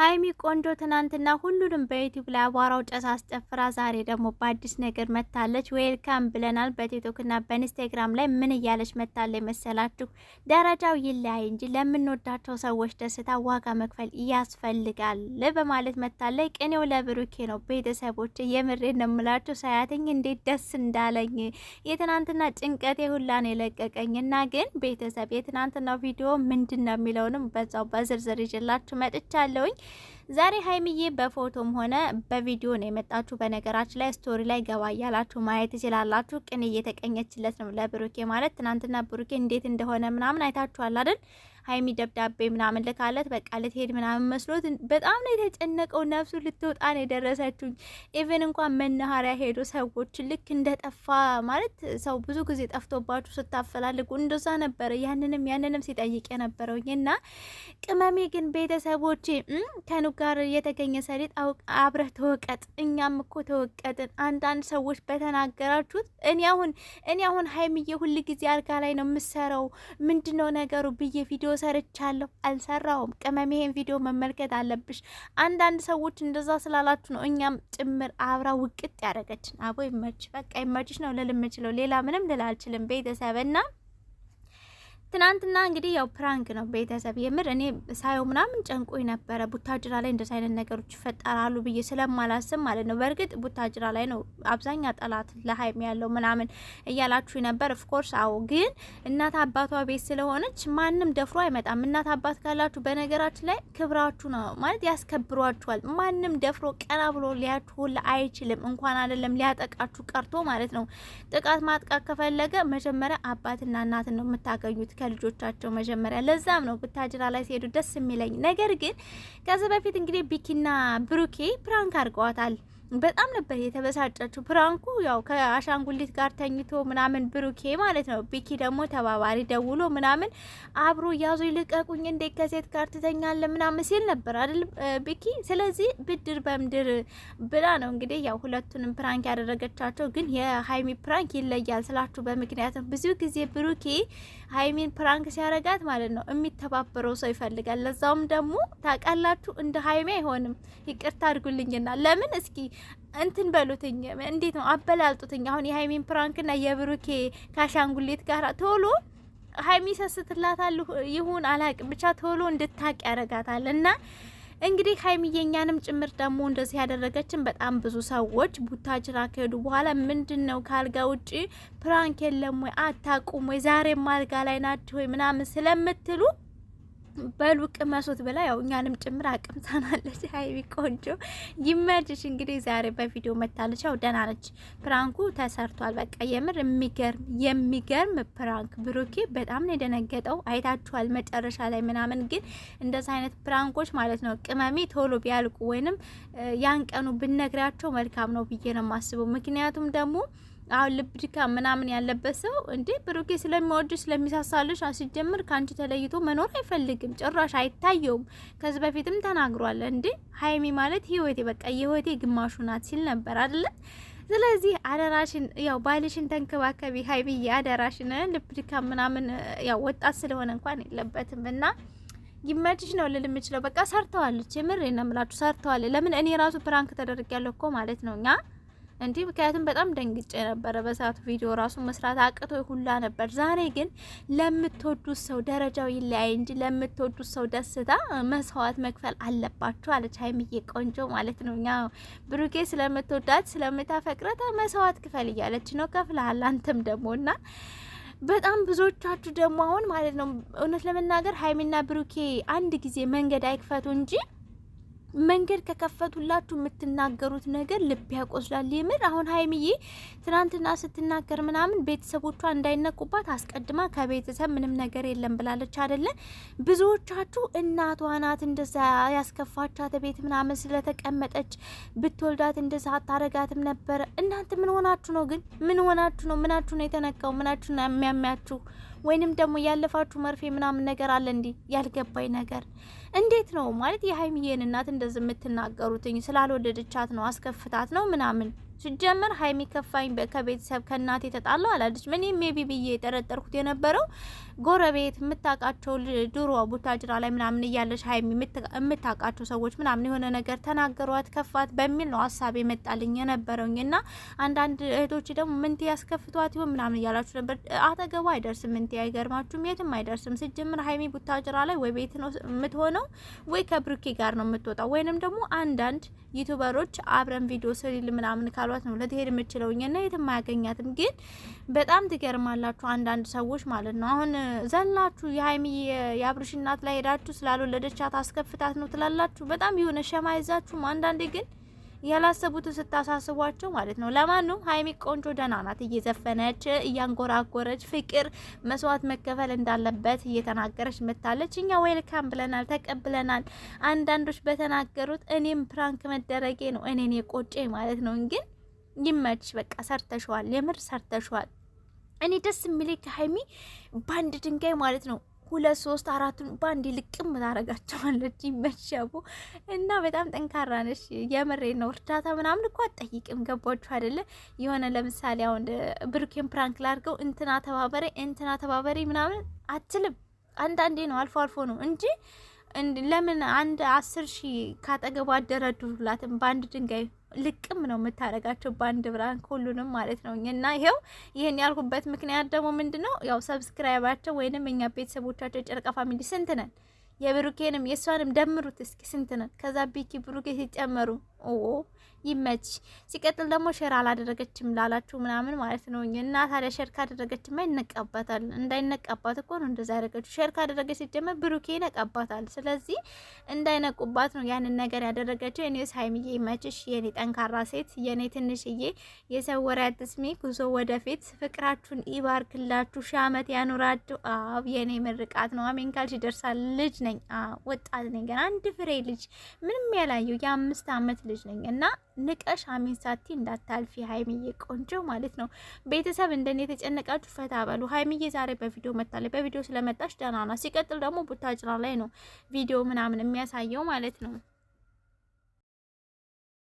I ሀይሚ ቆንጆ ትናንትና ሁሉንም በዩቲዩብ ላይ አቧራው ጨስ አስጨፍራ ዛሬ ደግሞ በአዲስ ነገር መታለች። ዌልካም ብለናል። በቲክቶክና በኢንስታግራም ላይ ምን እያለች መታለ መሰላችሁ? ደረጃው ይለያይ እንጂ ለምንወዳቸው ሰዎች ደስታ ዋጋ መክፈል ያስፈልጋል በማለት መታለ ቅኔው ለብሩኬ ነው። ቤተሰቦች የምሬ ነው የምላችሁ። ሳያትኝ እንዴት ደስ እንዳለኝ የትናንትና ጭንቀቴ ሁላ የለቀቀኝ። እና ግን ቤተሰብ የትናንትናው ቪዲዮ ምንድን ነው የሚለውንም በዛው በዝርዝር ይዤላችሁ መጥቻለሁኝ። ዛሬ ሀይሚዬ በፎቶም ሆነ በቪዲዮ ነው የመጣችሁ። በነገራችን ላይ ስቶሪ ላይ ገባ እያላችሁ ማየት ትችላላችሁ። ቅን እየተቀኘችለት ነው ለብሩኬ ማለት ትናንትና ብሩኬ እንዴት እንደሆነ ምናምን አይታችኋል አይደል? ሀይሚ ደብዳቤ ምናምን ልካለት በቃ ልትሄድ ምናምን መስሎት በጣም ነው የተጨነቀው። ነፍሱ ልትወጣ ነው የደረሰችው። ኢቨን እንኳን መናኸሪያ ሄዶ ሰዎች ልክ እንደጠፋ ማለት ሰው ብዙ ጊዜ ጠፍቶባችሁ ስታፈላልጉ እንደዛ ነበረ። ያንንም ያንንም ሲጠይቅ የነበረው እና ቅመሜ ግን ቤተሰቦቼ ከኑ ጋር የተገኘ ሰሊጥ አብረህ ተወቀጥ፣ እኛም እኮ ተወቀጥን። አንዳንድ ሰዎች በተናገራችሁት እኔ አሁን እኔ አሁን ሀይሚዬ ጊዜ አልጋ ላይ ነው የምሰራው ምንድነው ነገሩ ብዬ ቪዲዮ ሰርቻለሁ አልሰራውም፣ ቅመም ይሄን ቪዲዮ መመልከት አለብሽ። አንዳንድ ሰዎች እንደዛ ስላላችሁ ነው እኛም ጭምር አብራ ውቅጥ ያደረገችን። አቦ ይመች፣ በቃ ይመችሽ ነው ልል የምችለው፣ ሌላ ምንም ልል አልችልም። ቤተሰብና ትናንትና እንግዲህ ያው ፕራንክ ነው ቤተሰብ። የምር እኔ ሳየው ምናምን ጨንቆኝ ነበረ። ቡታጅራ ላይ እንደዚህ አይነት ነገሮች ይፈጠራሉ ብዬ ስለማላስብ ማለት ነው። በእርግጥ ቡታጅራ ላይ ነው አብዛኛ ጠላት ለሀይም ያለው ምናምን እያላችሁ ነበር። ኦፍኮርስ አዎ። ግን እናት አባቷ ቤት ስለሆነች ማንም ደፍሮ አይመጣም። እናት አባት ካላችሁ በነገራችን ላይ ክብራችሁ ነው ማለት ያስከብሯችኋል። ማንም ደፍሮ ቀና ብሎ ሊያችሁ አይችልም። እንኳን አይደለም ሊያጠቃችሁ ቀርቶ ማለት ነው። ጥቃት ማጥቃት ከፈለገ መጀመሪያ አባትና እናትን ነው የምታገኙት። ከልጆቻቸው መጀመሪያ። ለዛም ነው ቡታጅራ ላይ ሲሄዱ ደስ የሚለኝ ነገር። ግን ከዚ በፊት እንግዲህ ቢኪና ብሩኬ ፕራንክ አድርገዋታል። በጣም ነበር የተበሳጨችው። ፕራንኩ ያው ከአሻንጉሊት ጋር ተኝቶ ምናምን ብሩኬ ማለት ነው። ቢኪ ደግሞ ተባባሪ ደውሎ ምናምን አብሮ ያዙ ይልቀቁኝ፣ እንዴት ከሴት ጋር ትተኛለ ምናምን ሲል ነበር አይደል ቢኪ። ስለዚህ ብድር በምድር ብላ ነው እንግዲህ ያው ሁለቱንም ፕራንክ ያደረገቻቸው። ግን የሀይሚ ፕራንክ ይለያል ስላችሁ በምክንያት ነው። ብዙ ጊዜ ብሩኬ ሀይሚን ፕራንክ ሲያረጋት ማለት ነው የሚተባበረው ሰው ይፈልጋል። ለዛውም ደግሞ ታውቃላችሁ እንደ ሀይሚ አይሆንም። ይቅርታ አድርጉልኝና ለምን እስኪ እንትን በሉትኝ፣ እንዴት ነው አበላልጡትኝ። አሁን የሀይሚን ፕራንክና የብሩኬ ካሻንጉሌት ጋር ቶሎ ሀይሚ ሰስትላታል ይሁን አላቅ ብቻ ቶሎ እንድታቅ ያረጋታል እና እንግዲህ ሀይሚየኛንም ጭምር ደግሞ እንደዚህ ያደረገችን በጣም ብዙ ሰዎች ቡታጅራ ከሄዱ በኋላ ምንድን ነው ከአልጋ ውጪ ፕራንክ የለም ወይ አታቁም ወይ ዛሬም አልጋ ላይ ናችሁ ወይ ምናምን ስለምትሉ በሉ መሶት ብላ ያው እኛንም ጭምር አቅምታናለች። ሀይቢ ቆንጆ ይመችሽ። እንግዲህ ዛሬ በቪዲዮ መታለች። ያው ደህና ነች። ፕራንኩ ተሰርቷል። በቃ የምር የሚገርም የሚገርም ፕራንክ። ብሩኬ በጣም ነው የደነገጠው። አይታችኋል መጨረሻ ላይ ምናምን። ግን እንደዚህ አይነት ፕራንኮች ማለት ነው ቅመሜ ቶሎ ቢያልቁ ወይንም ያን ቀኑ ብነግራቸው መልካም ነው ብዬ ነው የማስበው። ምክንያቱም ደግሞ አሁን ልብ ድካም ምናምን ያለበት ሰው እንዴ ብሩኬ ስለሚወድሽ ስለሚሳሳልሽ አስጀምር ከአንቺ ተለይቶ መኖር አይፈልግም። ጭራሽ አይታየውም። ከዚህ በፊትም ተናግሯል። እንዴ ሀይሚ ማለት ህይወቴ በቃ የህይወቴ ግማሹ ናት ሲል ነበር አይደለ? ስለዚህ አደራሽን ያው ባልሽን ተንከባከቢ ሀይሚዬ፣ አደራሽን ልብ ድካም ምናምን ያው ወጣት ስለሆነ እንኳን የለበትም እና ይመችሽ ነው ልል የምችለው። በቃ ሰርተዋለች። የምር ነው የምላችሁ ሰርተዋል። ለምን እኔ ራሱ ፕራንክ ተደርግ ያለው እኮ ማለት ነው እኛ እንዲህ ምክንያቱም በጣም ደንግጬ ነበረ። በሰዓቱ ቪዲዮ ራሱ መስራት አቅቶ ሁላ ነበር። ዛሬ ግን ለምትወዱት ሰው ደረጃው ይለያይ እንጂ ለምትወዱት ሰው ደስታ መስዋዕት መክፈል አለባችሁ አለች ሀይሚዬ ቆንጆ ማለት ነው። እኛ ብሩኬ ስለምትወዳት ስለምታፈቅረት መስዋዕት ክፈል እያለች ነው። ከፍልሃል አንተም ደግሞ እና በጣም ብዙዎቻችሁ ደግሞ አሁን ማለት ነው እውነት ለመናገር ሀይሚና ብሩኬ አንድ ጊዜ መንገድ አይክፈቱ እንጂ መንገድ ከከፈቱላችሁ የምትናገሩት ነገር ልብ ያቆስላል። የምር አሁን ሀይሚዬ ትናንትና ስትናገር ምናምን ቤተሰቦቿ እንዳይነቁባት አስቀድማ ከቤተሰብ ምንም ነገር የለም ብላለች አደለ? ብዙዎቻችሁ እናቷ ናት እንደዛ ያስከፋቻት ቤት ምናምን ስለተቀመጠች ብትወልዳት እንደዛ አታረጋትም ነበረ። እናንተ ምን ሆናችሁ ነው ግን? ምን ሆናችሁ ነው? ምናችሁ ነው የተነካው? ምናችሁ ነው የሚያሚያችሁ? ወይንም ደግሞ ያለፋችሁ መርፌ ምናምን ነገር አለ እንዲህ ያልገባኝ ነገር እንዴት ነው ማለት የሀይሚዬን እናት እንደዚህ የምትናገሩትኝ? ስላልወደደቻት ነው አስከፍታት ነው ምናምን ሲጀመር ሀይሚ ከፋኝ ከቤተሰብ ከእናቴ ተጣላው አላለች። ምን ሜቢ ብዬ የጠረጠርኩት የነበረው ጎረቤት የምታውቃቸው ድሮ ቡታጅራ ላይ ምናምን እያለች ሀይሚ የምታውቃቸው ሰዎች ምናምን የሆነ ነገር ተናገሯት ከፋት በሚል ነው ሀሳብ የመጣልኝ የነበረውኝ እና አንዳንድ እህቶች ደግሞ ምንት ያስከፍቷት ይሆን ምናምን እያላችሁ ነበር። አጠገቡ አይደርስም ምንት፣ አይገርማችሁም? የትም አይደርስም። ሲጀመር ሀይሚ ቡታጅራ ላይ ወይ ቤት ነው የምትሆነው ወይ ከብሩኬ ጋር ነው የምትወጣው ወይንም ደግሞ አንዳንድ ዩቱበሮች አብረን ቪዲዮ ስሪል ምናምን ካሉ እያሏት ነው ልትሄድ ና የትም አያገኛትም። ግን በጣም ትገርማላችሁ አንዳንድ ሰዎች ማለት ነው። አሁን ዘላችሁ የሀይሚ የአብርሽ እናት ላይ ሄዳችሁ ስላልወለደቻት አስከፍታት ነው ትላላችሁ። በጣም የሆነ ሸማ ይዛችሁም አንዳንዴ ግን ያላሰቡትን ስታሳስቧቸው ማለት ነው። ለማንም ሀይሚ ቆንጆ ደህና ናት፣ እየዘፈነች እያንጎራጎረች ፍቅር መስዋዕት መከፈል እንዳለበት እየተናገረች መታለች። እኛ ዌልካም ብለናል፣ ተቀብለናል። አንዳንዶች በተናገሩት እኔም ፕራንክ መደረጌ ነው እኔን የቆጨ ማለት ነው ግን ይመች። በቃ ሰርተሸዋል፣ የምር ሰርተሸዋል። እኔ ደስ የሚለኝ ከሀይሚ በአንድ ድንጋይ ማለት ነው ሁለት ሶስት አራቱን በአንድ ልቅም ታደርጋቸዋለች። ይመች እና በጣም ጠንካራ ነሽ። የምሬ ነው። እርዳታ ምናምን እኮ አትጠይቅም። ገባችሁ አይደለ? የሆነ ለምሳሌ አሁን ብሩኬን ፕራንክ ላርገው እንትና ተባበሬ እንትና ተባበሬ ምናምን አትልም። አንዳንዴ ነው አልፎ አልፎ ነው እንጂ ለምን አንድ አስር ሺህ ካጠገቡ አደረዱላትም በአንድ ድንጋይ ልቅም ነው የምታደርጋቸው በአንድ ብርሃን ሁሉንም ማለት ነው። እና ይሄው ይህን ያልኩበት ምክንያት ደግሞ ምንድን ነው? ያው ሰብስክራይባቸው ወይንም እኛ ቤተሰቦቻቸው ጨርቃ ፋሚሊ ስንት ነን? የብሩኬንም የእሷንም ደምሩት እስኪ ስንት ነን? ከዛ ቢኪ ብሩኬ ሲጨመሩ ይመች። ሲቀጥል ደግሞ ሼር አላደረገችም ላላችሁ ምናምን ማለት ነው እና ታዲያ ሸር ካደረገችማ ይነቃባታል። እንዳይነቃባት እኮ ነው እንደዛ ያደረገችው። ሼር ካደረገች ሲጀመር ብሩኬ ይነቃባታል። ስለዚህ እንዳይነቁባት ነው ያንን ነገር ያደረገችው። እኔስ ሀይሚዬ ይመችሽ፣ የኔ ጠንካራ ሴት፣ የኔ ትንሽዬ፣ የሰው ወሬ አትስሚ፣ ጉዞ ወደፊት፣ ፍቅራችሁን ይባርክላችሁ፣ ሺ አመት ያኑራችሁ። አብ የኔ ምርቃት ነው። አሜን ካልሽ ይደርሳል። ልጅ ነኝ፣ ወጣት ነኝ፣ ገና አንድ ፍሬ ልጅ፣ ምንም ያላየው የአምስት አመት ልጅ ነኝ እና ንቀሽ አሜን ሳቲ እንዳታልፊ ሀይሚዬ ቆንጆ ማለት ነው። ቤተሰብ እንደኔ የተጨነቃችሁ ፈታ በሉ። ሀይሚዬ ዛሬ በቪዲዮ መታለች። በቪዲዮ ስለመጣች ደህና ናት። ሲቀጥል ደግሞ ቡታጭራ ላይ ነው ቪዲዮ ምናምን የሚያሳየው ማለት ነው።